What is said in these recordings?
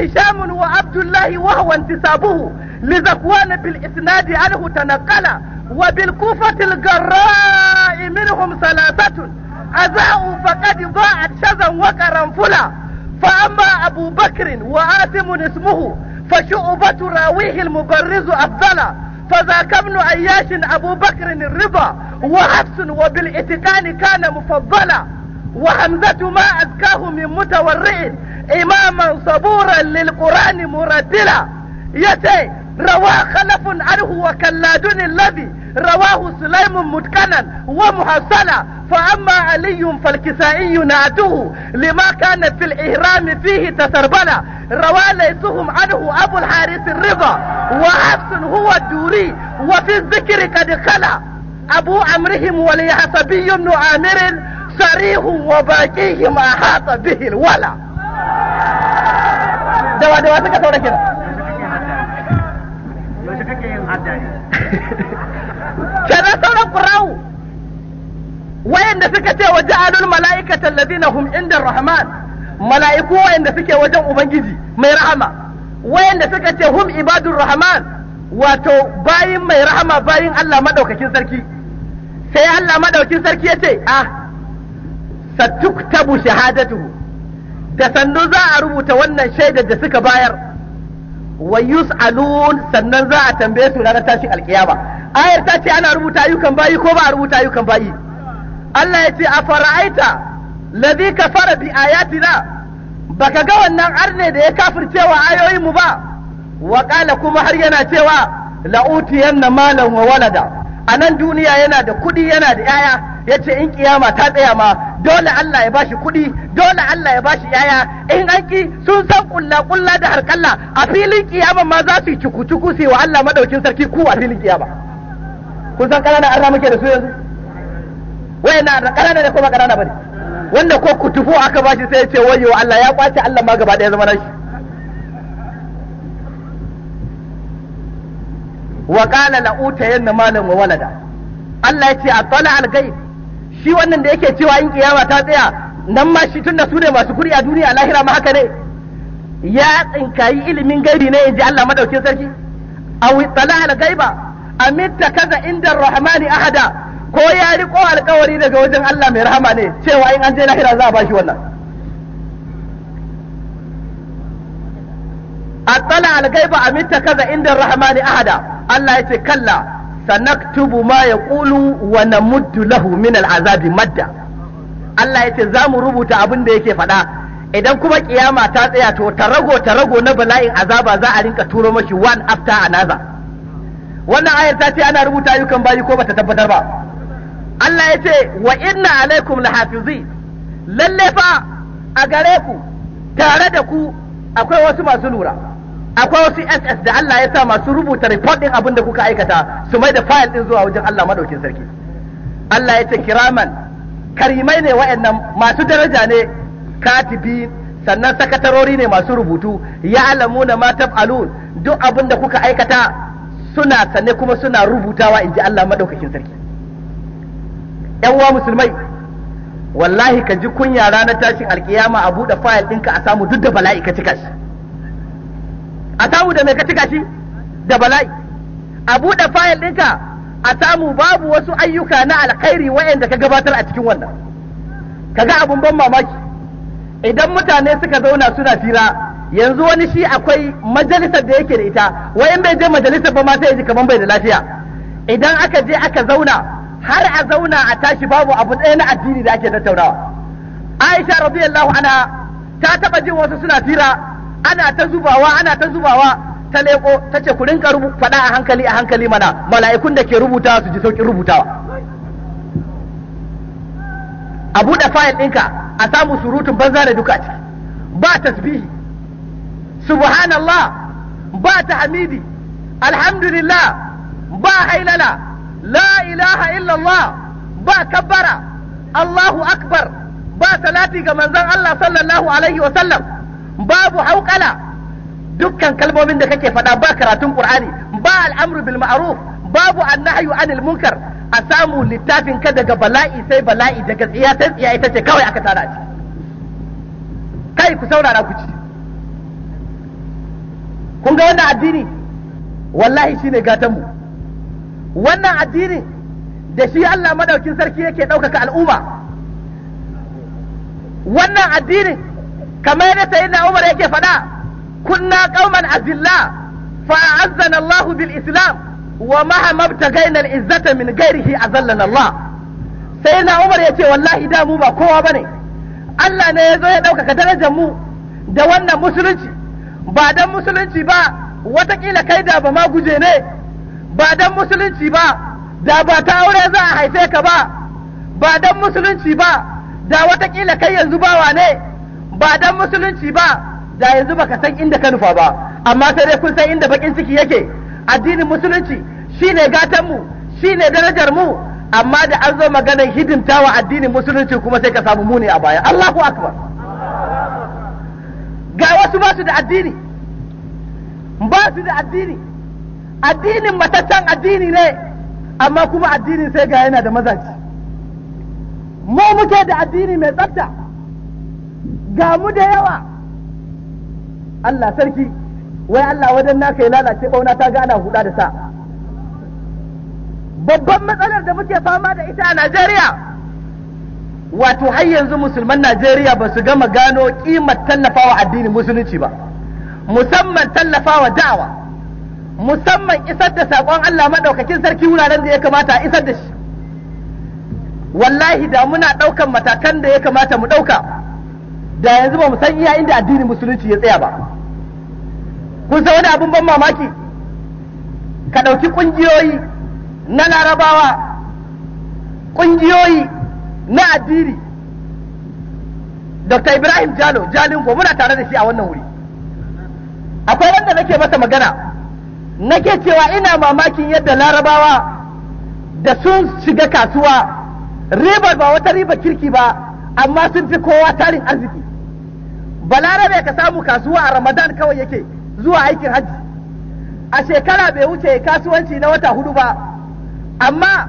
هشام وعبد الله وهو انتسابه لذكوان بالإسناد عنه تنقل وبالكوفة الجراء منهم ثلاثة أزاء فقد ضاعت شذا وقرنفلا فأما أبو بكر وآثم اسمه فشعبة راويه المبرز أفضل فذاك ابن عياش أبو بكر الرضا وحفص وبالاتقان كان مفضلا وحمزة ما أزكاه من متورئ إماما صبورا للقرآن مرتلا يتي رواه خلف عنه وكلاد الذي رواه سليم متقنا ومحسنا فأما علي فالكسائي نعته لما كانت في الإهرام فيه تسربلا روى ليسهم عنه أبو الحارث الرضا وحفص هو الدوري وفي الذكر قد خلا أبو أمرهم وليحسبي بن عامر صريح وباقيهم أحاط به الولا dawa dawa suka saura kira kenan sauran kurau wayanda suka ce wa ja'alul mala'ikata allazina hum inda rahman mala'iku wayanda suke wajen ubangiji mai rahama wayanda suka ce hum ibadur rahman wato bayin mai rahama bayin Allah madaukakin sarki sai Allah madaukakin sarki ya ce ah satuktabu shahadatuhu da sannu za a rubuta wannan shaidar da suka bayar wa yus'alun sannan za a tambaye su ranar tashi alkiyama ayar ta ce ana rubuta ayyukan bayi ko ba a rubuta ayyukan bayi Allah ya ce a fara'aita ladhi kafara bi ayatina baka ga wannan arne da ya kafircewa ayoyin mu ba wa qala kuma har yana cewa la'utiyanna malan wa walada a nan duniya yana da kuɗi yana da 'ya'ya ya ce in kiyama ta tsaya ma dole Allah ya bashi kuɗi dole Allah ya bashi yaya in an ki sun san kulla kulla da harkalla a filin kiyama ma za su yi cuku cuku su wa Allah madaukin sarki ku a filin kiyama kun san ƙananan arna muke da su yanzu na arna ƙanana ne kuma ƙanana bane wanda ko kutufu aka bashi sai ya ce wayo Allah ya kwace Allah ma gaba ɗaya zama nashi wa qala la utayanna malan wa walada Allah ya ce a tsala al shi wannan da yake cewa in kiyama ta tsaya nan ma shi tunda su ne masu kuri a duniya lahira ma haka ne ya tsinkayi ilimin gaibi ne inji Allah madaukin sarki a wutsala al gaiba amitta kaza inda rahmani ahada ko ya riko alkawari daga wajen Allah mai rahama ne cewa in an je lahira za a bashi wannan tsala al gaiba amitta kaza inda rahmani ahada Allah ya ce kalla sanaktubu ma ƙulu wa namuddu lahu min al'azabi madda Allah ya ce za mu rubuta abin da yake faɗa idan kuma ƙiyama ta tsaya to ta tarago tarago na bala'in azaba za a rinka turo mashi one after another wannan ayar ta ce ana rubuta ayyukan bayi ko bata tabbatar ba Allah ya ce wa inna alaikum lahafizi lalle fa a gare ku tare da ku akwai wasu masu lura akwai wasu SS da Allah ya sa masu rubuta report din abin da kuka aikata su mai da file din zuwa wajen Allah madaukin sarki Allah ya ce kiraman karimai ne wayannan masu daraja ne katibi sannan sakatarori ne masu rubutu ya alamu na matab alun duk abin da kuka aikata suna sanne kuma suna rubutawa in ji Allah madaukakin sarki yan uwa musulmai wallahi ka ji kunya ranar tashin alkiyama a buɗe fayil ɗinka a samu duk da bala'i ka cika shi a samu da mai ka cika shi da bala'i a buɗe fayil ɗinka a samu babu wasu ayyuka na alkhairi waɗanda ka gabatar a cikin wannan kaga abun ban mamaki idan mutane suka zauna suna fira yanzu wani shi akwai majalisar da yake da ita wa'in bai je majalisar ba ma sai ji kaman bai da lafiya idan aka je aka zauna har a zauna a tashi babu abu ɗaya na addini da ake tattaunawa Aisha radiyallahu anha ta taɓa jin wasu suna fira ana ta zubawa ana ta zubawa ta leko ta ce ku rinka faɗa a hankali a hankali mana mala'ikun da ke rubuta su ji sauƙin rubutawa a buɗe fayil ɗinka a samu surutun banza da duka ciki ba tasbihi subhanallah ba tahmidi alhamdulillah ba hailala la ilaha illallah ba kabbara allahu akbar ba salati ga manzon Allah sallallahu alaihi wa sallam babu haukala dukkan kalmomin da kake faɗa ba karatun qur'ani ba al'amru bil ma'ruf babu annahyu anil munkar a samu littafin ka daga bala'i sai bala'i daga tsiya ta tsiya ita ce kawai aka tara ci kai ku saurara ku ci kun ga wannan addini wallahi shine gatan mu wannan addini da shi Allah madaukin sarki yake ɗaukaka al'umma wannan addinin kamar yadda sayyidina Umar yake faɗa kunna qauman azilla fa azzana Allah bil Islam wa maha mabtagaina al izzata min ghairihi azallana Allah sayyidina Umar ce, wallahi da mu ba kowa bane Allah ne ya zo ya ɗaukaka darajar mu da wannan musulunci ba dan musulunci ba watakila kai da ba ma guje ne ba dan musulunci ba da ba ta aure za a haife ka ba ba dan musulunci ba da watakila kai yanzu bawa ne ba dan musulunci ba da yanzu baka san inda ka nufa ba amma sai dai kun san inda bakin ciki yake addinin musulunci shine gatan mu shine darajar mu amma da an zo maganar hidimtawa addinin musulunci kuma sai ka samu muni a baya Allahu akbar ga wasu ba su da addini ba su da addini addinin mataccen addini ne amma kuma addinin sai ga yana da mazaji mu muke da addini mai tsafta ga mu da yawa Allah sarki wai Allah wajen naka ya lalace bauna ta ga ana huda da sa babban matsalar da muke fama da ita a Najeriya wato har yanzu musulman Najeriya ba su gama gano ƙimar tallafawa addinin musulunci ba musamman tallafawa da'awa musamman isar da saƙon Allah maɗaukakin sarki wuraren da ya kamata a isar da shi wallahi da muna ɗaukan matakan da ya kamata mu ɗauka da yanzu ba mu san iya inda addinin musulunci ya tsaya ba kun san wani abin ban mamaki ka ɗauki ƙungiyoyi na larabawa ƙungiyoyi na addini dr ibrahim jalo jalingo muna tare da shi a wannan wuri akwai wanda nake masa magana nake cewa ina mamakin yadda larabawa da sun shiga kasuwa ribar ba wata ribar kirki ba amma sun fi kowa tarin arziki balarabe ka samu kasuwa a ramadan kawai yake zuwa aikin hajji a shekara bai wuce kasuwanci na wata hudu ba amma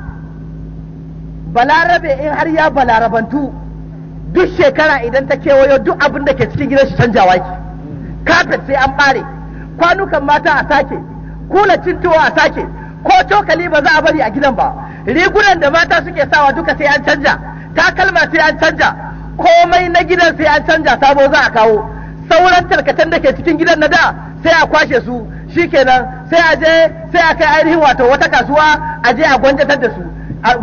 balarabe in har ya balarabantu duk shekara idan ta kewayo duk abin da ke cikin gidan shi canjawa kafet sai an bare kwanukan mata a sake kula cintuwa a sake ko cokali ba za a bari a gidan ba rigunan da mata suke sawa duka sai an canja takalma sai an canja komai na gidan sai an canja sabo za a kawo sauran tarkatan da ke cikin gidan na da sai a kwashe su shikenan sai a je sai a kai ainihin wato wata kasuwa a je a gwanjatar da su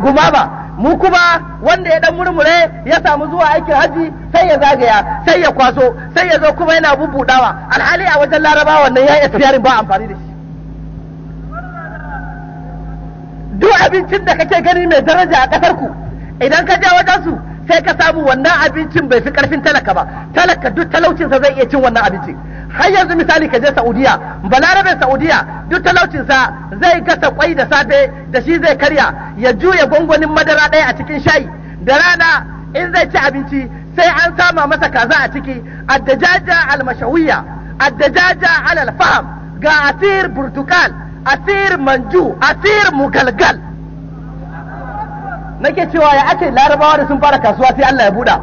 gumama mu kuma wanda ya dan murmure ya samu zuwa aikin haji sai ya zagaya sai ya kwaso sai ya zo kuma yana bubudawa alhali a wajen larabawa wannan ya yi ba amfani da shi duk abincin da kake gani mai daraja a kasar ku idan ka je wajen su sai ka samu wannan abincin bai fi karfin talaka ba talaka duk talaucinsa zai iya cin wannan abincin har yanzu misali ka je Saudiya balarabe Saudiya duk talaucinsa zai gasa kwai da safe da shi zai karya ya juya gwangwanin madara ɗaya a cikin shayi da rana in zai ci abinci sai an sama masa kaza a ciki addajaja almashawiya addajaja alalfaham ga asir burtukal asir manju asir mugalgal nake cewa ya ake larabawa da sun fara kasuwa sai Allah ya buɗa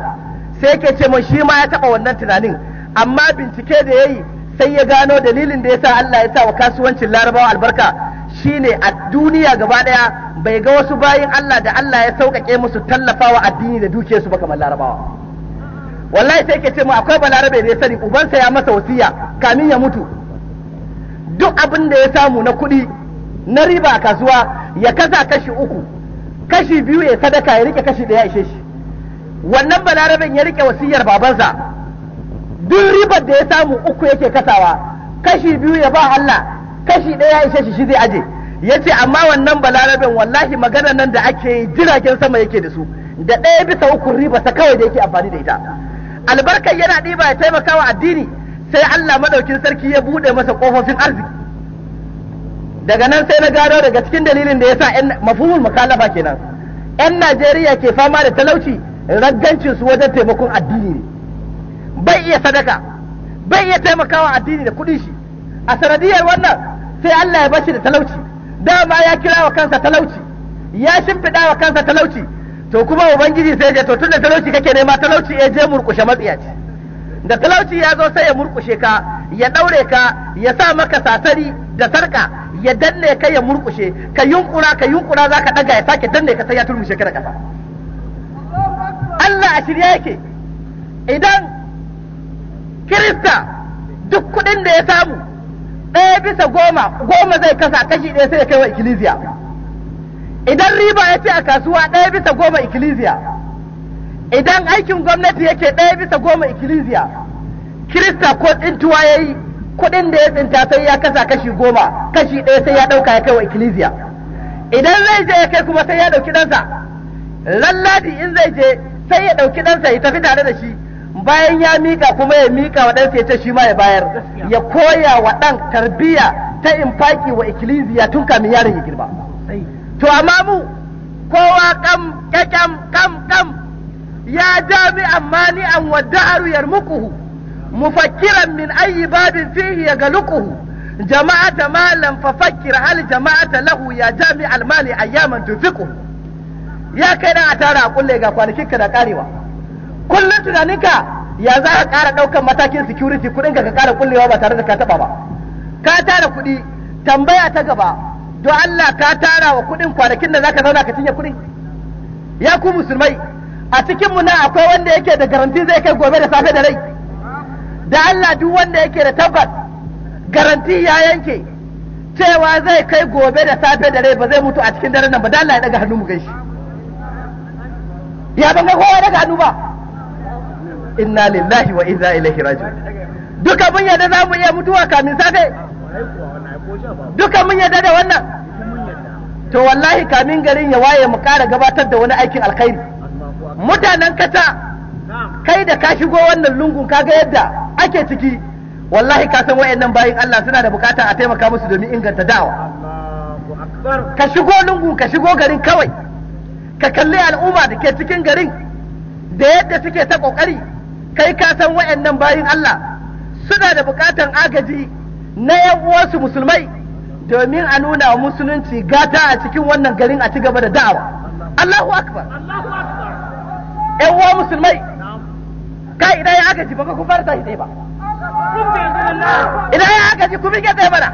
sai yake ce mun shi ma ya taɓa wannan tunanin amma bincike da ya yi sai ya gano dalilin da ya sa Allah ya sa wa kasuwancin larabawa albarka shine a duniya gaba ɗaya bai ga wasu bayin Allah da Allah ya sauƙaƙe musu tallafawa addini da su ba kamar larabawa wallahi sai yake ce mu akwai balarabe da ya sani ubansa ya masa wasiya kamin ya mutu duk abin da ya samu na kuɗi na riba a kasuwa ya kasa kashi uku kashi biyu ya sadaka ya rike kashi daya ishe shi wannan balaraben ya rike wasiyar babansa duk ribar da ya samu uku yake kasawa kashi biyu ya ba Allah kashi daya ishe shi shi zai aje yace amma wannan balaraben wallahi magana nan da ake jiragen sama yake da su da ɗaya bisa uku riba ta kawai da yake amfani da ita albarkar yana ɗiba ya taimaka wa addini sai Allah madaukin sarki ya buɗe masa ƙofofin arziki daga nan sai na gano daga cikin dalilin da yasa yan mafhumul mukhalafa kenan yan Najeriya ke fama da talauci raggancin su wajen taimakon addini ne bai iya sadaka bai iya taimakawa addini da kuɗin shi a sanadiyar wannan sai Allah ya bashi da talauci dama ya kira wa kansa talauci ya shimfiɗa wa kansa talauci to kuma ubangiji sai ya to tun da talauci kake nema talauci ya je murkushe matsiyaci da talauci ya zo sai ya murkushe ka ya ɗaure ka ya sa maka sasari da sarƙa. ya danne kai ya murkushe ka yunkura ka yunkura ka ɗaga ya sake danne ka sai ya turmushe ka Allah a shirya yake idan Kirista duk kuɗin da ya samu ɗaya bisa goma goma zai kasa kashi ɗaya sai ya kai wa ikkilisiya idan riba ya ce a kasuwa ɗaya bisa goma ikkilisiya idan aikin gwamnati yake ɗaya bisa goma ikilisiya Kirista ko tsintuwa ya yi kuɗin da ya tsinta sai ya kasa kashi goma kashi ɗaya sai ya ɗauka ya kai wa ikkilisiya idan zai je ya kai kuma sai ya ɗauki ɗansa lalladi in zai je sai ya ɗauki ɗansa ya tafi tare da shi bayan ya miƙa kuma ya mika wa ɗansa ya ce shi ma ya bayar ya koya wa ɗan tarbiyya ta infaki wa ikkilisiya tun kamin yaron ya girma to amma mu kowa kam kakam kam kam ya jami'an mani an wadda aruyar mukuhu mufakkiran min ayi babin fihi ya galuquhu jama'ata malam fafakkir hal jama'ata lahu ya jami'al mali ayyaman tufiqu ya kai dan a tara a kulle ga kwanakin ka da karewa kullun tunaninka ya za ka kara daukan matakin security kudin ka ka kara ba tare da ka taba ba ka tara kudi tambaya ta gaba don Allah ka tara wa kudin kwanakin da zaka zauna ka cinye kudin ya musulmai a cikin mu na akwai wanda yake da garanti zai kai gobe da safe da rai da Allah duk wanda yake da tabbas garanti ya yanke cewa zai kai gobe da safe da rai ba zai mutu a cikin daren nan ba da Allah ya daga hannu mu gaishe ya ban ga kowa daga hannu ba inna lillahi wa inna ilaihi raji'un duka mun yadda za mu iya mutuwa kamin safe duka mun yadda da wannan to wallahi kamin garin ya waye mu kara gabatar da wani aikin alkhairi mutanen kata, kai da ka shigo wannan lungun kaga yadda ake ciki wallahi ka san wayannan bayin Allah suna da bukata a taimaka musu domin inganta da'awa ka shigo lungu ka shigo garin kawai ka kalli al'umma da ke cikin garin da yadda suke ta kokari kai ka san wayannan bayin Allah suna da bukatan agaji na yan uwansu musulmai domin a nuna musulunci gata a cikin wannan garin a ci gaba da da'awa Allahu akbar Allahu akbar uwa musulmai kai idan ya aka ji baka kufar bar sai ba idan ya aka ji kuma miƙe mana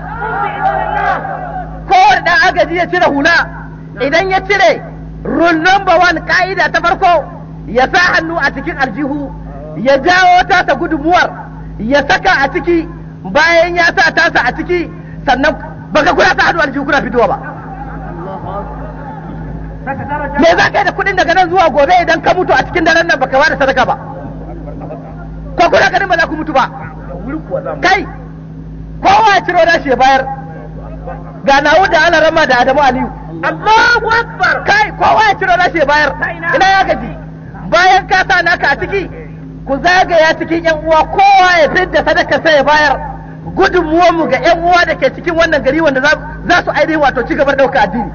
kowane dan aka ji ya cire hula idan ya cire rule number one ka'ida ta farko ya sa hannu a cikin aljihu ya jawo tasa gudunmuwar ya saka a ciki bayan ya sa tasa a ciki sannan baka kuna sa hannu aljihu kuna fitowa ba me za ka yi da kudin daga nan zuwa gobe idan ka mutu a cikin daren nan baka ba da sadaka ba to kuna ganin ba za ku mutu ba kai kowa ya ciro shi ya bayar ga nawo da ana rama da Adamu Aliyu amma Akbar kai kowa ya ciro shi ya bayar ina ya gaji bayan ka sa naka a ciki ku zagaya cikin yan uwa kowa ya da sadaka sai ya bayar gudunmuwan mu ga yan uwa da ke cikin wannan gari wanda za su ainihin wato ci gabar dauka addini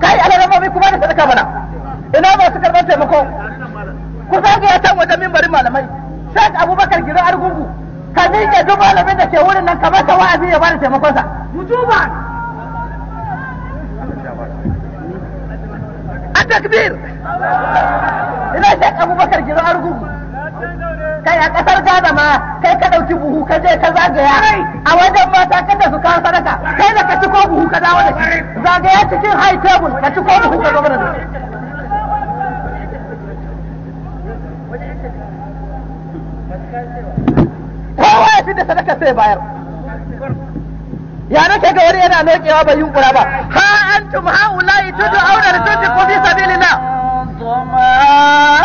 kai ana rama mai kuma da sadaka mana ina masu karɓar taimako ku zagaya kan wajen mimbarin malamai shek abubakar gidan argungu ka miƙe duk malamin da ke wurin nan kamar ka wa'azi ya bada taimakonsa mutuba a takbir ina shek abubakar gidan argungu kai a ƙasar Ghana ma kai ka ɗauki buhu ka je ka zagaya a wajen mata kada su kawo sadaka kai da ka ci ko buhu ka dawo da shi zagaya cikin high table ka ci ko buhu ka zo da sadaka sai bayar ya nake ga wani yana nokewa bai yunkura ba ha antum haula'i tud'auna li tunfiqu fi sabilillah antum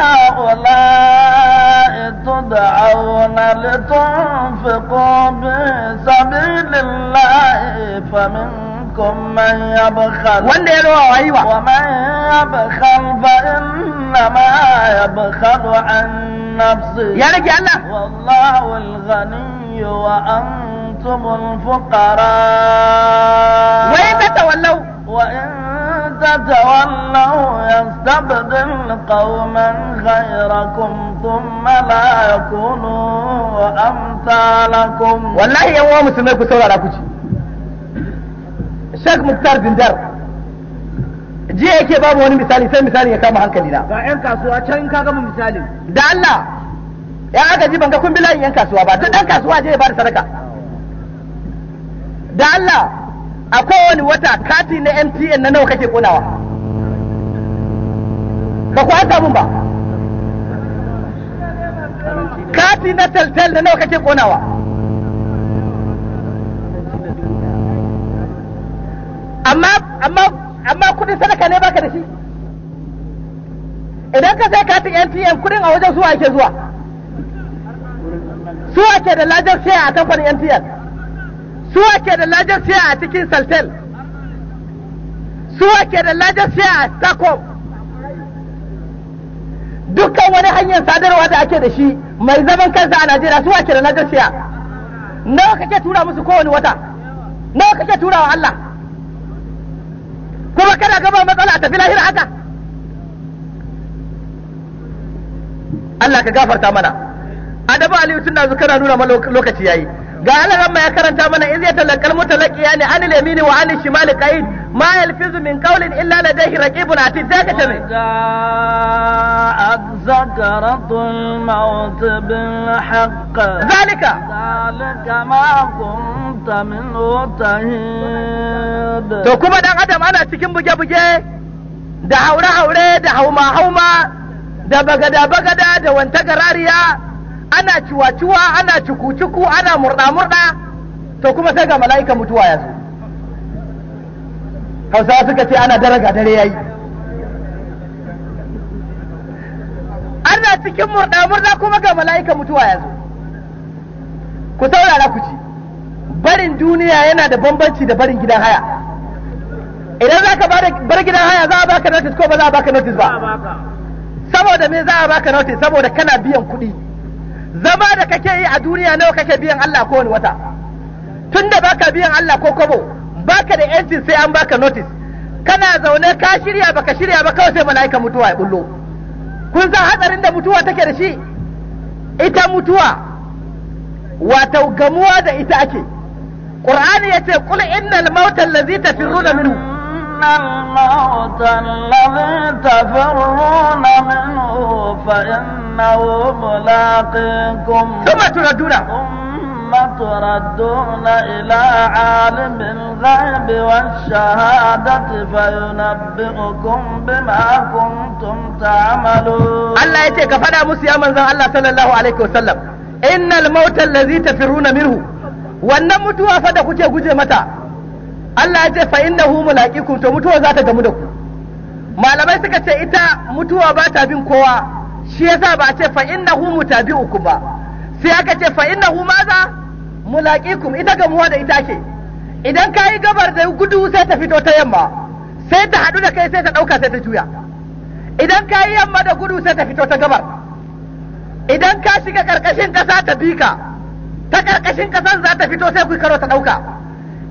haula'i tud'auna li tunfiqu fi sabilillah famin منكم من يبخل ومن يبخل فإنما يبخل عن نفسه والله الغني وأنتم الفقراء وإن تتولوا وإن تتولوا يستبدل قوما غيركم ثم لا يكونوا أمثالكم والله يا أمام سمي كسورة لكوشي الشيخ مختار زندر jiya yake babu wani misali sai misali ya kama hankali na ga yan kasuwa can in ka gama misali da Allah ya aka ji banga kun bi layin yan kasuwa ba duk dan kasuwa je ya bada sadaka da Allah akwai wani wata kati na MTN na nawa kake kunawa ba ku hanta mun ba kati na teltel na nawa kake kunawa amma amma amma kudin sadaka ne baka da shi idan ka sai katin MTN kudin a wajen zuwa yake zuwa su ake da lajar share a kamfanin MTN su ake da lajar share a cikin Saltel su ake da lajar share a Starcom dukkan wani hanyar sadarwa da ake da shi mai zaman kansa a Najeriya su ake da lajar share nawa kake tura musu kowane wata nawa kake tura wa Allah kuma kana gaba matsala tafi lahira haka Allah ka gafarta mana annabi aliyu tun da kana nuna mana lokaci yayi ga alaran ya karanta mana iz ya talakal mutalaqi yani anil yamini wa shimali qaid ma yalfizu min qawlin illa ladayhi raqibun atid zaka tabe zakaratul maut bil haqq zalika zalika ma kunta min to kuma dan adam ana cikin buge buge da haure haure da hauma hauma da bagada bagada da wanta garariya ana ciwa-ciwa ana ciku-ciku, ana murɗa-murɗa to kuma sai ga mala'ika mutuwa ya zo hausawa suka ce ana daraga dare yayi ana cikin murɗa-murɗa kuma ga mala'ika mutuwa ya zo ku saurara ku ci barin duniya yana da bambanci da barin gidan haya idan za ka bar gidan haya za a baka notice ko ba za a baka notice ba saboda me za a baka notice saboda kana biyan kuɗi zama da kake yi a duniya nawa kake biyan Allah kowane wata tunda baka biyan Allah ko kobo baka da yanci sai an baka notice kana zaune ka shirya baka shirya ba kawai sai mala'ika mutuwa ya bullo kun san hatsarin da mutuwa take da shi ita mutuwa wato gamuwa da ita ake qur'ani yace qul innal mautal ladzi tafirruna minhu إن الموت الذي تفرون منه فإنه ملاقيكم ثم تردون ثم تردون إلى عالم الغيب والشهادة فينبئكم بما كنتم تعملون الله يتيك فدا موسى يا ذا الله صلى الله عليه وسلم إن الموت الذي تفرون منه wannan mutuwa fa da kuke guje mata Allah ya ce fa hu mulaqikum to mutuwa za ta gamu da ku malamai suka ce ita mutuwa ba ta bin kowa shi yasa ba a ce fa hu mutabi'ukum ba sai aka ce fa innahu maza mulaqikum ita gamuwa da ita ke idan ka yi gabar da gudu sai ta fito ta yamma sai ta haɗu da kai sai ta ɗauka sai ta juya idan ka yi yamma da gudu sai ta fito ta gabar idan ka shiga ƙarƙashin ƙasa ta bika ta ƙarƙashin ƙasan za ta fito sai ku karo ta ɗauka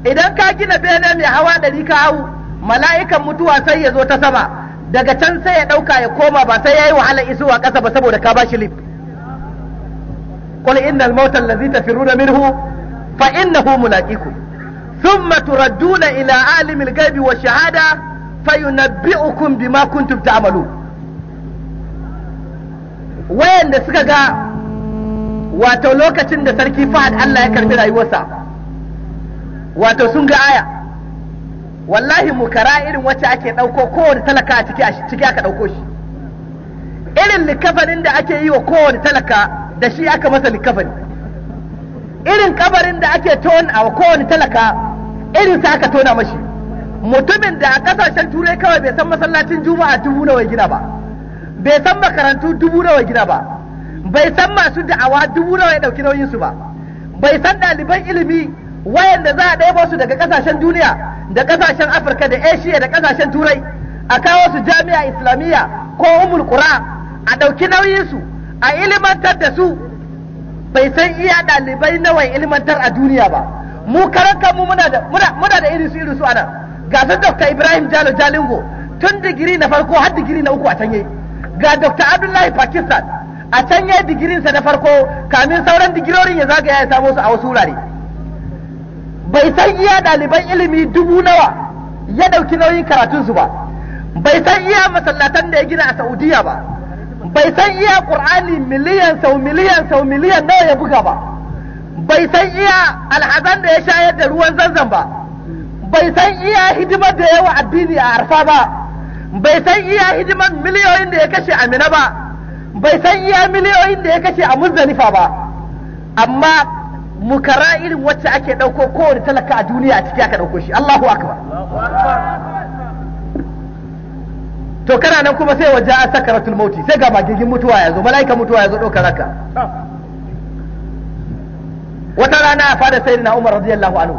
idan ka gina bene mai hawa ɗari ka hau mala'ikan mutuwa sai ya zo ta sama daga can sai ya ɗauka ya koma ba sai ya yi wahala a ƙasa ba saboda ka ba shi lif qul innal mauta allazi tafiruna minhu fa innahu mulaqikum thumma turadduna ila alimil ghaibi wa shahada fayunabbi'ukum bima kuntum ta'malu wayanda suka ga wato lokacin da sarki Fahad Allah ya karbi rayuwarsa wato sun ga aya wallahi mukara irin wacce ake ɗauko kowane talaka a ciki a ciki aka ɗauko shi irin likafarin da ake yi wa kowane talaka da shi aka masa likafani irin kabarin da ake tona a kowane talaka irin sa aka tona mashi mutumin da a kasashen turai kawai bai san masallacin juma'a dubu nawa gina ba bai san makarantu dubu nawa gina ba bai san masu da'awa dubu nawa ya dauki nauyin su ba bai san ɗaliban ilimi wayanda za a ɗebo su daga ƙasashen duniya da ƙasashen afirka da asia da ƙasashen turai a kawo su jami'a islamiyya ko umul qura a ɗauki nauyinsu a ilimantar da su bai san iya ɗalibai nawa ilimantar a duniya ba mu karan mu muna da muna da irin su irin su ana ga su dr ibrahim jalo jalingo tun digiri na farko har digiri na uku a can ga dr abdullahi pakistan a can yi digirinsa na farko kamin sauran digirorin ya zagaya ya samo su a wasu wurare bai san iya ɗaliban ilimi dubu nawa ya ɗauki nauyin karatunsu ba bai san iya masallatan da ya gina a saudiya ba bai san iya ƙur'ani miliyan sau miliyan sau miliyan nawa ya buga ba bai san iya alhazan da ya shayar da ruwan zanzan ba bai san iya hidimar da yawa addini a arfa ba bai san iya hidimar miliyoyin da ya kashe a mina ba bai san iya miliyoyin da ya kashe a muzdalifa ba amma mukara irin wacce ake ɗauko kowane talaka a duniya a ciki aka ɗauko shi Allahu akbar to kana nan kuma sai waje a sakaratul mauti sai ga magigin mutuwa ya zo mala'ika mutuwa ya zo ɗaukar raka wata rana a fada sai na umar radiyallahu anhu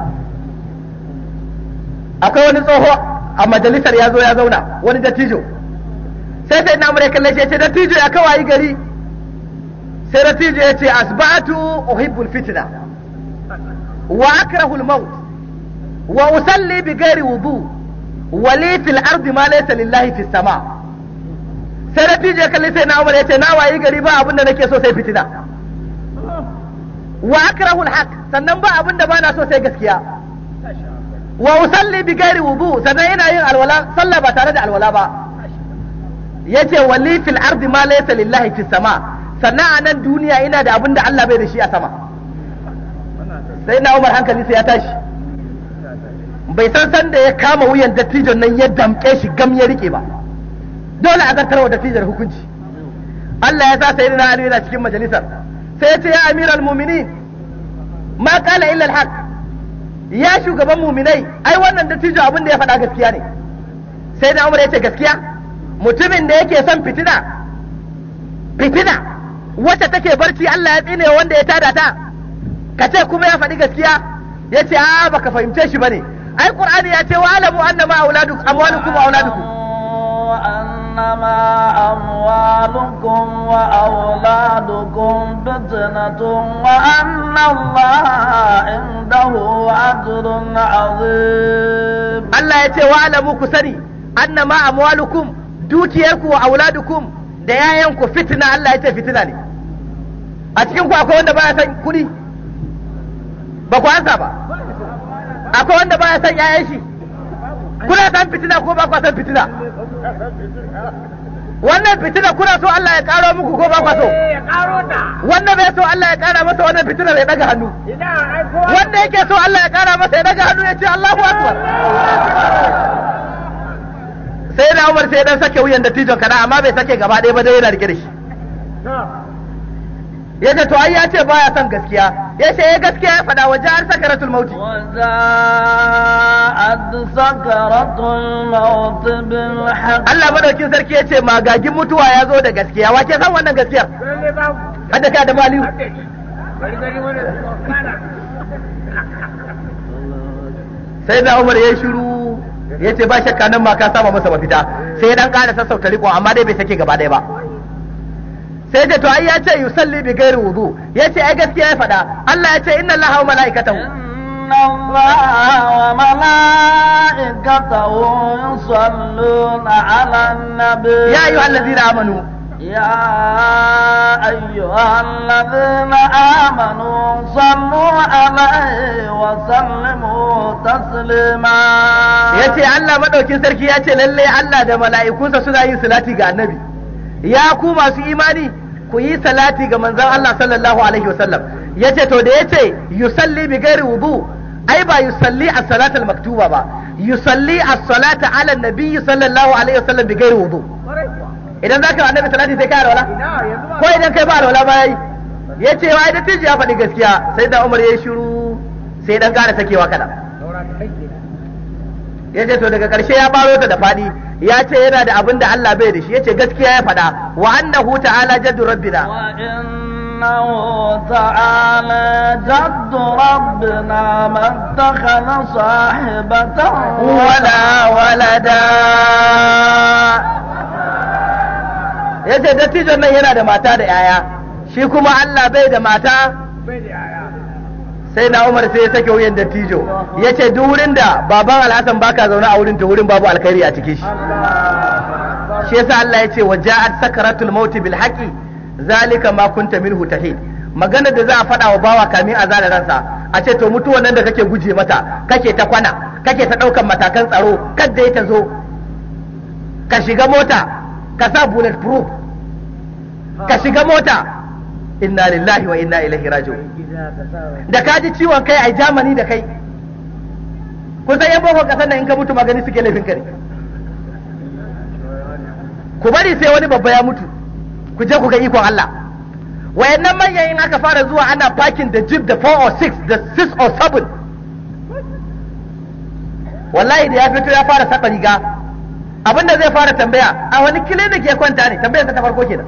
akwai wani tsoho a majalisar ya zo ya zauna wani dattijo sai sai na umar ya kalle shi ya ce dattijo ya kawai gari sai dattijo ya ce asba'atu uhibbul fitna wa akrahu al-maut wa usalli bi ghairi wudu wa li fil ardi ma laysa lillahi fis sama sai dattijo ya kalli sai na Umar ya ce na wayi gari ba abin da nake so sai fitina wa akrahu al-haq sannan ba abin da bana so sai gaskiya wa usalli bi ghairi wudu sannan ina yin alwala sallah ba tare da alwala ba yace wa li fil ardi ma laysa lillahi fis sama sannan a nan duniya ina da abin da Allah bai da shi a sama sai na umar hankali sai ya tashi bai san san da ya kama wuyan dattijon nan ya damƙe shi gam ya rike ba dole a zartarwa dattijon hukunci Allah ya sa sai na Ali yana cikin majalisar sai ya ce ya amiral mumini ma kala illa alhaq ya shugaban muminai ai wannan dattijo abin da ya faɗa gaskiya ne sai na umar ya ce gaskiya mutumin da yake son fitina fitina wacce take barci Allah ya tsine wanda ya tada ta ka ce kuma ya faɗi gaskiya ya ce a baka fahimce shi bane ai qur'ani ya ce wa alamu annama auladukum amwalukum wa auladukum إنما أموالكم وأولادكم فتنة وأن الله عنده أجر عظيم الله يتي واعلموا كسري أنما أموالكم دوتيكم وأولادكم da yayan ku fitina Allah ya ce fitina ne a cikin ku akwai wanda baya san kuɗi ba ku ansa ba akwai wanda baya san yayan shi kuna san fitina ko ba ku san fitina wannan fitina kuna so Allah ya karo muku ko ba ku so eh, wannan bai so Allah ya kara masa wannan fitina ya daga hannu wanda yake so Allah ya kara masa ya daga hannu ya ce Allahu akbar sai na umar sai dan sake wuyan dattijon kana amma bai sake gaba ɗaya ba dai yana rike da shi ya ce to ai ya ce baya son gaskiya ya ce ya eh, gaskiya ya faɗa waje har sakaratul mauti Allah madaukin sarki ya ce magagin mutuwa ya zo da gaskiya ke san wannan gaskiyar hadda ka da maliyu sai da umar ya shiru ya ce ba shakka nan ma ka saba masa mafita sai dan kara sassauta riko amma dai bai sake gaba ɗaya ba sai ce to ai ya ce yusalli bi ghairi wudu ya ce ai gaskiya ya faɗa Allah ya ce inna Allaha wa mala'ikatahu inna Allaha wa mala'ikatahu yusalluna ya amanu يا أيها الذين آمنوا صلوا عليه وسلموا تسليما yace Allah madaukin sarki ya ce lalle Allah da mala'ikunsa suna yin salati ga annabi ya ku masu imani ku yi salati ga manzon Allah sallallahu alaihi wa wasallam yace to da yace yusalli bi ghairi wudu ai ba yusalli as-salata al-maktuba ba yusalli as-salata ala an-nabi sallallahu alaihi wasallam bi ghairi wudu idan za ka annabi salati sai ka alwala ko idan kai ba alwala ba yi. ya ce wa idan tiji ya faɗi gaskiya sai da umar ya shiru sai dan ƙara sakewa kaɗan ya ce to daga ƙarshe ya baro ta da faɗi ya ce yana da abin da Allah bai da shi ya ce gaskiya ya faɗa wa annahu ta'ala jaddu rabbina إنه جد ربنا ما اتخذ صاحبة ولا ولدا yace dattijon nan yana da mata da yaya shi kuma Allah bai da mata sai na Umar sai ya sake wuyan dattijo yace duk wurin da baban Alhassan baka zaune a wurin ta wurin babu alkhairi a cikin shi shi yasa Allah ya ce yace waja'at sakaratul mauti bil haqi zalika ma kunta minhu tahid Maganar da za a faɗa wa bawa kamin a zara ransa a ce to mutuwan nan da kake guje mata kake ta kwana kake ta ɗaukan matakan tsaro kadda ta zo ka shiga mota ka sa bullet proof ka shiga mota inna lillahi wa inna ilaihi raji'un da ka ji ciwon kai a jamani da kai ku san yan boko kasan nan in ka mutu magani suke laifin ka ne ku bari sai wani babba ya mutu ku je ku ga ikon Allah wayannan manyan in aka fara zuwa ana parking da jeep da 4 or 6 da 6 or 7 wallahi da ya fito ya fara saba riga abin da zai fara tambaya a wani clinic ya kwanta ne tambayar ta farko kenan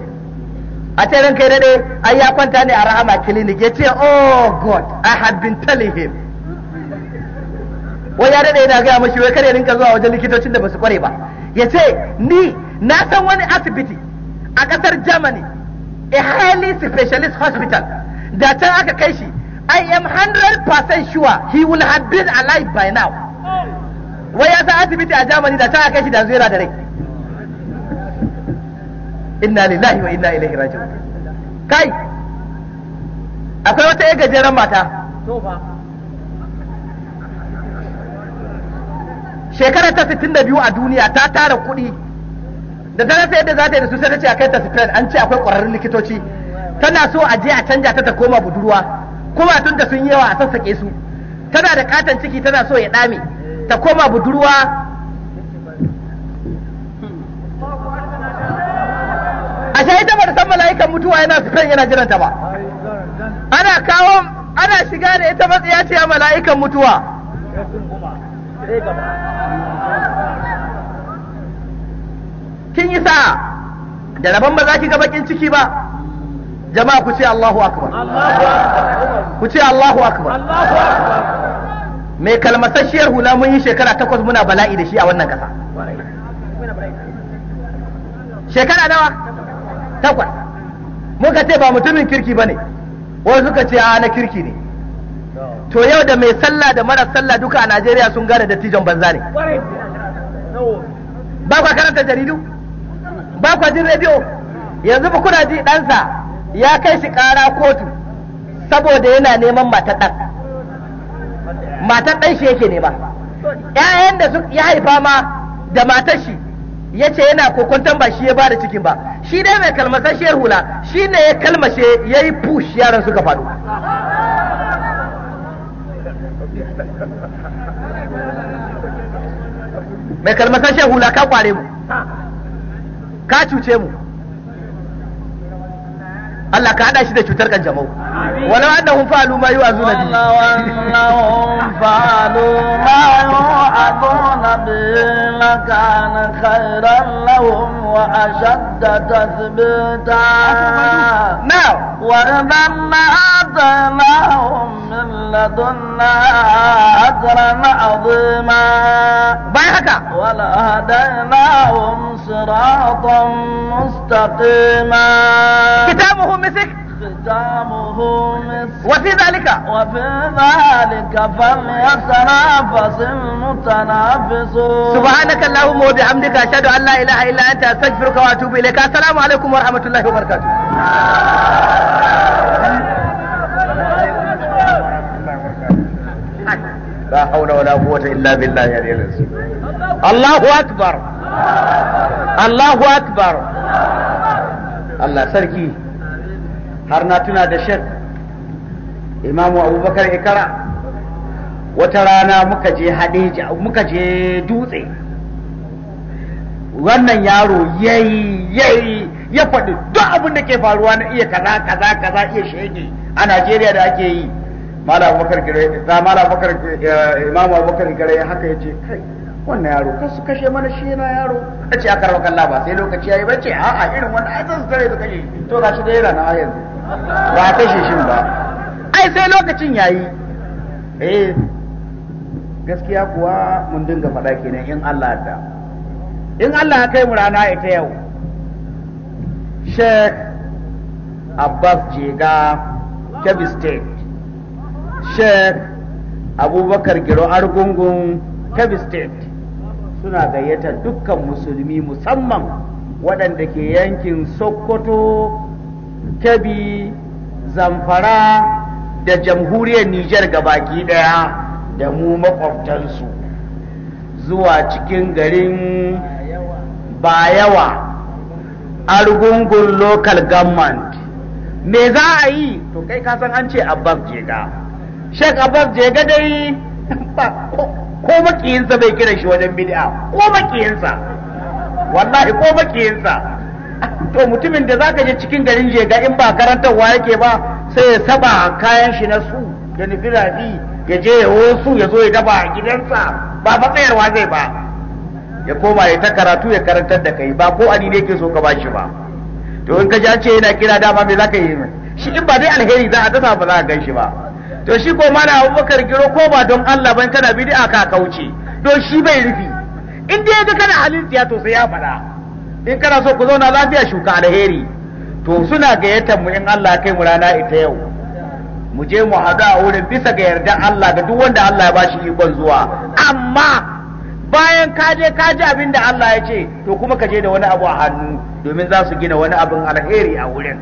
a ce ranka dade ai ya kwanta ne a rahama clinic ya ce oh god i had been telling him wai ya dade yana gaya mashi wai kare rinka zuwa wajen likitocin da basu kware ba ya ce ni na san wani asibiti a kasar germany a highly specialist hospital da can aka kai shi i am 100% sure he will have been alive by now wai ya sa asibiti a jamani da ta kai shi da zuwa da rai inna lillahi wa inna ilaihi raji'un kai akwai wata yi gajeren mata shekarar ta 62 a duniya ta tara kuɗi da ta rasa yadda za ta yi da su sai ta ce a kai ta spread an ce akwai ƙwararrun likitoci tana so a je a canja ta ta koma budurwa kuma tun da sun yawa a sassaƙe su tana da katon ciki tana so ya ɗame ta koma budurwa a shahidar ba ta san mala'ikan mutuwa yana spain yana jiranta ba ana kawo ana shiga da ita matsaya ce a mala'ikan mutuwa kin yi sa, da rabon ba za ki ga bakin ciki ba jama'a ku ce Allahu akbar ku ce Allahu akbar mai kalmasasshiyar hula mun yi shekara takwas muna bala'i da shi a wannan ƙasa shekara nawa takwas muka ce ba mutumin kirki ba ne wasu suka ce a na kirki ne to yau da mai sallah da mara sallah duka a najeriya sun gane dattijon banza ne ba kwa karanta jaridu ba kwa jin rediyo yanzu ba kuna ji ɗansa ya kai shi kara kotu saboda yana neman mata ɗan matar ɗan shi yake nema ƴaƴan da ya haifa ma da matar shi ya ce yana kokontan ba shi ya bada cikin ba shi dai mai kalmasasshiyar hula shi ne ya kalmashe ya yi push yaran suka faɗo mai kalmasasshiyar hula ka kware mu ka cuce mu Allah ka hada shi da cutar kanjamau walau annahum fa'alu ma yu'azuna bihi walau annahum fa'alu ma به لكان خيرا لهم وأشد تثبيتا نعم. وإذا ما آتيناهم من لدنا أجرا عظيما ولهديناهم صراطا مستقيما كتابه مسك وفي ذلك وفي ذلك فليتنافس المتنافسون سبحانك اللهم وبحمدك أشهد أن لا إله إلا أنت أستغفرك وأتوب إليك السلام عليكم ورحمة الله وبركاته لا حول ولا قوة إلا بالله يا الله أكبر الله أكبر الله سركي har na tuna da shek imamu abubakar ikara wata rana muka je hadeja muka je dutse wannan yaro yayi yayi ya faɗi duk abin da ke faruwa na iya kaza kaza kaza iya shege a Najeriya da ake yi mala abubakar kire da mala abubakar eh, imamu abubakar haka yace kai wannan yaro ka su kashe mana shi na yaro a ce aka rawa kalla sai lokaci yayi bace a'a irin wannan ai zan tare da kashe to gashi da yana na yanzu ba kashe shin ba ai sai lokacin yayi eh gaskiya kuwa mun dinga faɗa kenan in Allah da in Allah ya kai mu rana ita yau Sheikh Abbas Jega Kebbi State Sheikh Abubakar Giro Argungun Kebbi State suna gayyata dukkan musulmi musamman waɗanda ke yankin Sokoto Kebbi, Zamfara da jamhuriyar Nijar baki ɗaya da mu makwabtansu zuwa cikin garin Bayawa, Argungun Local Government. Me za a yi? To kai ka san an ce Abbas Jega. Sheikh Abbas Jega dai ko makiyinsa bai kira shi wajen bid'a ko makiyinsa. Wallahi ko makiyinsa. to mutumin da zaka je cikin garin ga in ba karantarwa yake ba sai ya saba kayan shi na su da nufirafi ya je ya su ya zo ya daba gidansa ba matsayarwa zai ba ya koma ya ta karatu ya karantar da kai ba ko ani ne ke so ka bashi ba to in ka ji an ce yana kira dama me zaka yi mai shi in ba dai alheri za a dasa ba za a gan shi ba to shi ko mana abubakar giro ko ba don Allah ban kana bid'a ka kauce don shi bai rufi in dai ga kana halin tsiya to sai ya faɗa in kana so ku zauna lafiya shuka alheri to suna gayyatar mu in Allah kai mu rana ita yau mu je mu haɗu a wurin bisa ga yardan Allah ga duk wanda Allah ya bashi ikon zuwa amma bayan ka je ka ji abin da Allah ya ce to kuma ka je da wani abu a hannu domin za su gina wani abin alheri a wurin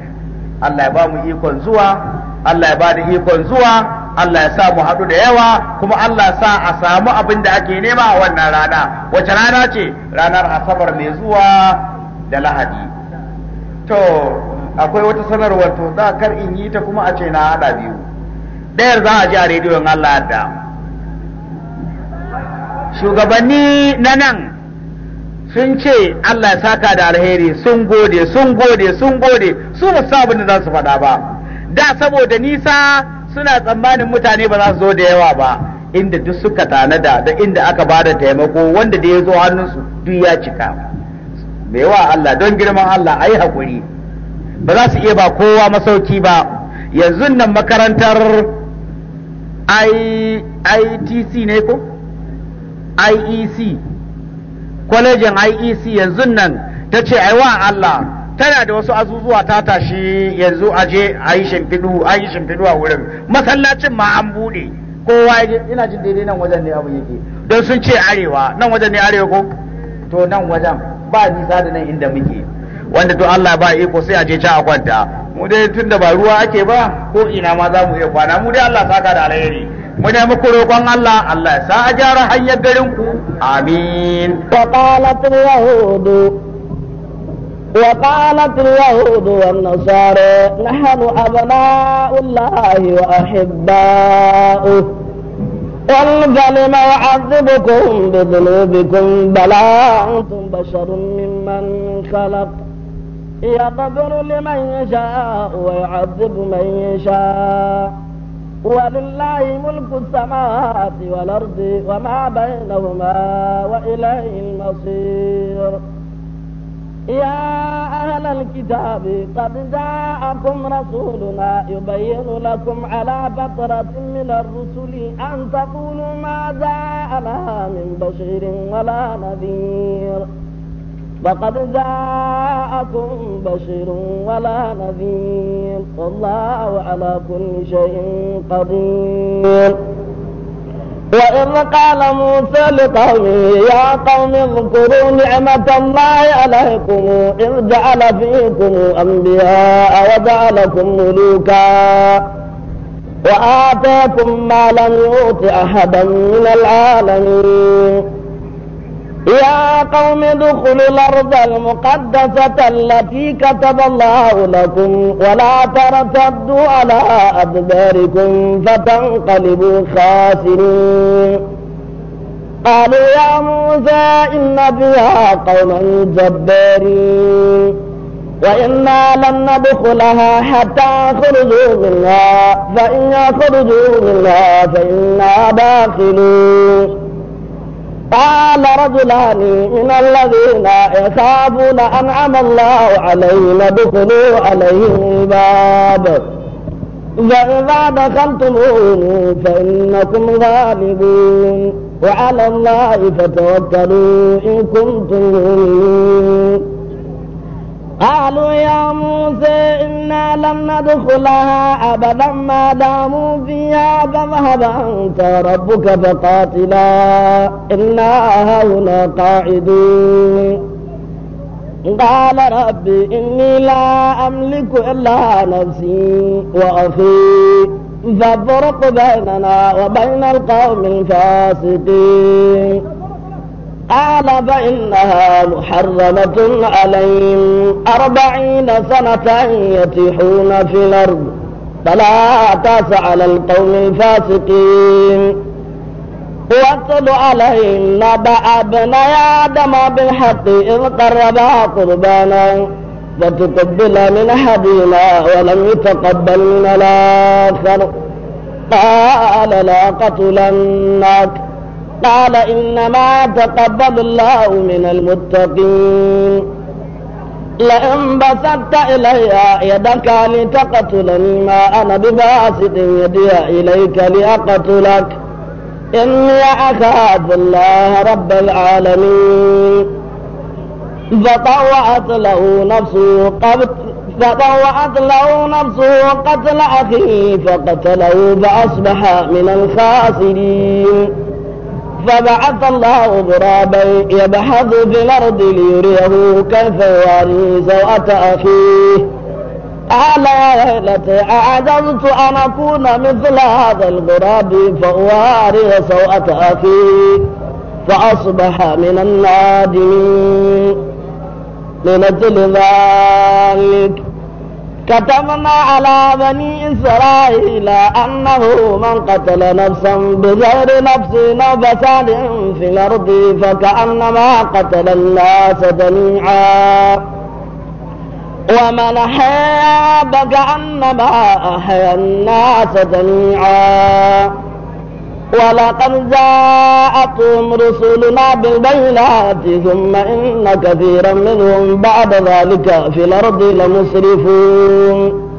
Allah ya ba mu ikon zuwa Allah ya ba da ikon zuwa Allah ya sa mu haɗu da yawa kuma Allah ya sa a samu abin da ake nema a wannan rana wace rana ce ranar asabar mai zuwa da lahadi to akwai wata sanarwar to za kar in yi ta kuma a ce na haɗa biyu ɗayar za a ji a rediyon Allah da shugabanni na nan sun ce Allah ya saka da alheri sun gode sun gode sun gode su ba abin da za su faɗa ba da saboda nisa suna tsammanin mutane ba za su zo da yawa ba inda duk suka tanada da inda aka ba da taimako wanda da ya zo hannunsu duk ya cika mai wa Allah don girman Allah a hakuri ba za su iya ba kowa masauki ba yanzu nan makarantar ne ko? IEC kwalejin IEC yanzu nan ta ce aiwa Allah tana da wasu azuzuwa ta tashi yanzu a je a yi shimfiɗu a yi shimfiɗu a wurin masallacin ma an buɗe kowa ina jin daidai nan wajen ne abu yake don sun ce arewa nan wajen ne arewa ko to nan wajen ba nisa da nan inda muke wanda to Allah ba iko sai a je can a kwanta mu dai tunda ba ruwa ake ba ko ina ma za mu iya kwana mu dai Allah saka da alheri dai muku roƙon Allah Allah ya sa a gyara hanyar garin ku amin wa qalat yahudu وقالت اليهود والنصارى نحن أبناء الله وأحباؤه قل فلم يعذبكم بذنوبكم بل أنتم بشر ممن خلق يغفر لمن يشاء ويعذب من يشاء ولله ملك السماوات والأرض وما بينهما وإليه المصير يا أهل الكتاب قد جاءكم رسولنا يبين لكم على فترة من الرسل أن تقولوا ما جاءنا من بشير ولا نذير فقد جاءكم بشير ولا نذير والله على كل شيء قدير وإذ قال موسى لقومه يا قوم اذكروا نعمة الله عليكم إذ جعل فيكم أنبياء وجعلكم ملوكا وآتاكم ما لم يؤت أحدا من العالمين يا قوم ادخلوا الأرض المقدسة التي كتب الله لكم ولا ترتدوا على أدباركم فتنقلبوا خاسرين قالوا يا موسى إن فيها قوما جبارين وإنا لن ندخلها حتى خرجوا منها فإن خرجوا منها فإنا داخلون قال رجلان من الذين يخافون أنعم الله عليهم ادخلوا عليهم الباب فإذا دخلتموه فإنكم غالبون وعلى الله فتوكلوا إن كنتم مؤمنين قالوا يا موسى إنا لن ندخلها أبدا ما داموا فيها فذهب أنت ربك فقاتلا إنا هنا قاعدون قال رب إني لا أملك إلا نفسي وأخي فافرق بيننا وبين القوم الفاسقين قال فإنها محرمة عليهم أربعين سنة يتيحون في الأرض فلا تاس على القوم الفاسقين واتل عليهم نبأ ابني آدم بالحق إذ قربا قربانا فتقبل من أحدنا ولم يتقبل من الآخر قال لا قتلنك قال إنما تقبل الله من المتقين لئن بسطت إلي يدك لتقتلني ما أنا بباسط يدي إليك لأقتلك إني أخاف الله رب العالمين فطوعت له نفسه قبل فطوعت له نفسه قتل أخيه فقتله فأصبح من الخاسرين فبعث الله غرابا يبحث في الأرض ليريه كيف يواري سوءة أخيه قال يا ليلتي أعجزت أن أكون مثل هذا الغراب فأواري سوءة أخيه فأصبح من النادمين لنجل ذلك كتبنا على بني إسرائيل أنه من قتل نفسا بغير نفس أو فساد في الأرض فكأنما قتل الناس جميعا ومن أحيا فكأنما أحيا الناس جميعا ولقد جاءتهم رسلنا بالبينات ثم إن كثيرا منهم بعد ذلك في الأرض لمسرفون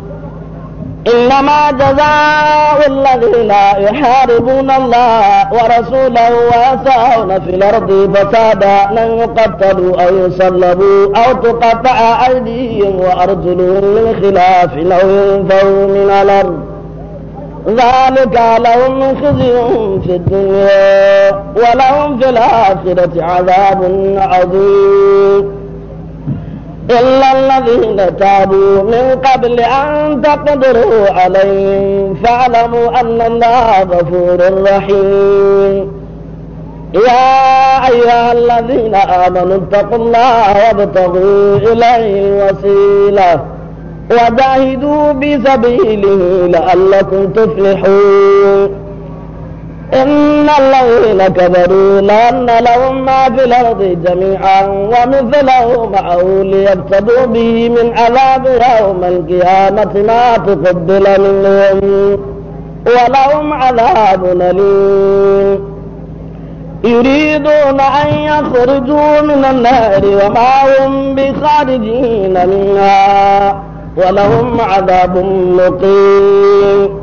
إنما جزاء الذين يحاربون الله ورسوله ويسعون في الأرض فسادا أن يقتلوا أو يصلبوا أو تقطع أيديهم وأرجلهم من خلاف لو ينفوا من الأرض ذلك لهم خزي في الدنيا ولهم في الآخرة عذاب عظيم إلا الذين تابوا من قبل أن تقدروا عليهم فاعلموا أن الله غفور رحيم يا أيها الذين آمنوا اتقوا الله وابتغوا إليه وسيله وجاهدوا بسبيله لعلكم تفلحون إن الذين كفروا لأن لهم ما في الأرض جميعا ومثله معه ليبتدوا به من عذاب يوم القيامة ما تقبل منهم ولهم عذاب أليم يريدون أن يخرجوا من النار وما هم بخارجين منها ولهم عذاب مقيم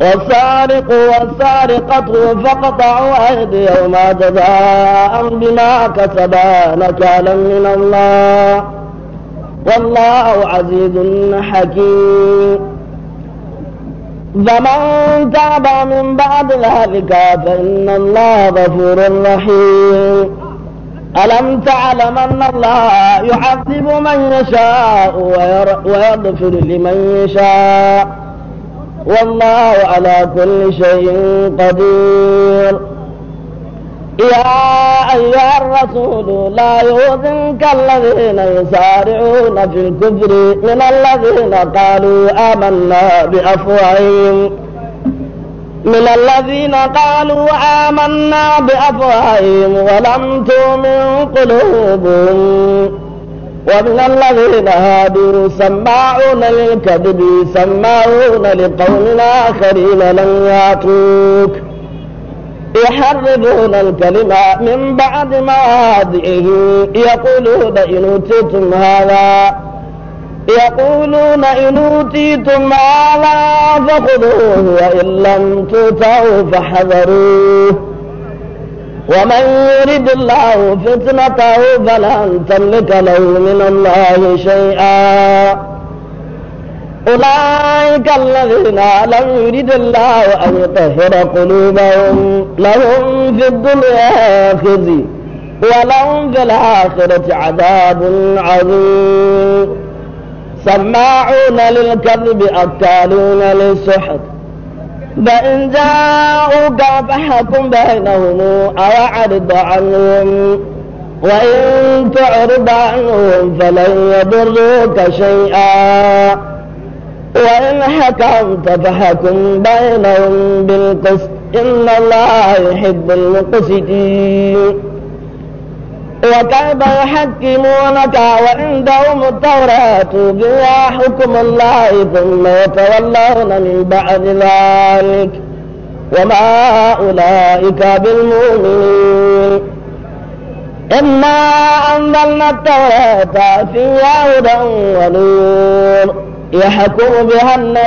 والسارق والسارقة فاقطعوا أيديهما جزاء بما كسبا نكالا من الله والله عزيز حكيم فمن تاب من بعد ذلك فإن الله غفور رحيم ألم تعلم أن الله يعذب من يشاء ويغفر لمن يشاء والله على كل شيء قدير يا أيها الرسول لا يؤذنك الذين يسارعون في الكفر من الذين قالوا آمنا بأفواههم من الذين قالوا آمنا بأفواههم ولم تؤمن قلوبهم ومن الذين هادوا سماعون للكذب سماعون لقوم آخرين لم يأتوك يحرضون الكلمة من بعد مواضعه يقولون إن أوتيتم هذا يقولون إن أوتيتم هذا فخذوه وإن لم تؤتوا فاحذروه ومن يرد الله فتنته فلن تملك له من الله شيئا أولئك الذين لم يرد الله أن يطهر قلوبهم لهم في الدنيا خزي ولهم في الآخرة عذاب عظيم سماعون للكذب أكالون للسحر فإن جاءوك فاحكم بينهم أو أعرض عنهم وإن تعرض عنهم فلن يضروك شيئا وإن حكمت فحكم بينهم بالقسط إن الله يحب المقسطين وكيف يحكمونك وعندهم التوراة فيها حكم الله ثم يتولون من بعد ذلك وما أولئك بالمؤمنين إنا أنزلنا التوراة فيها هدى ونور يحكم بها النبي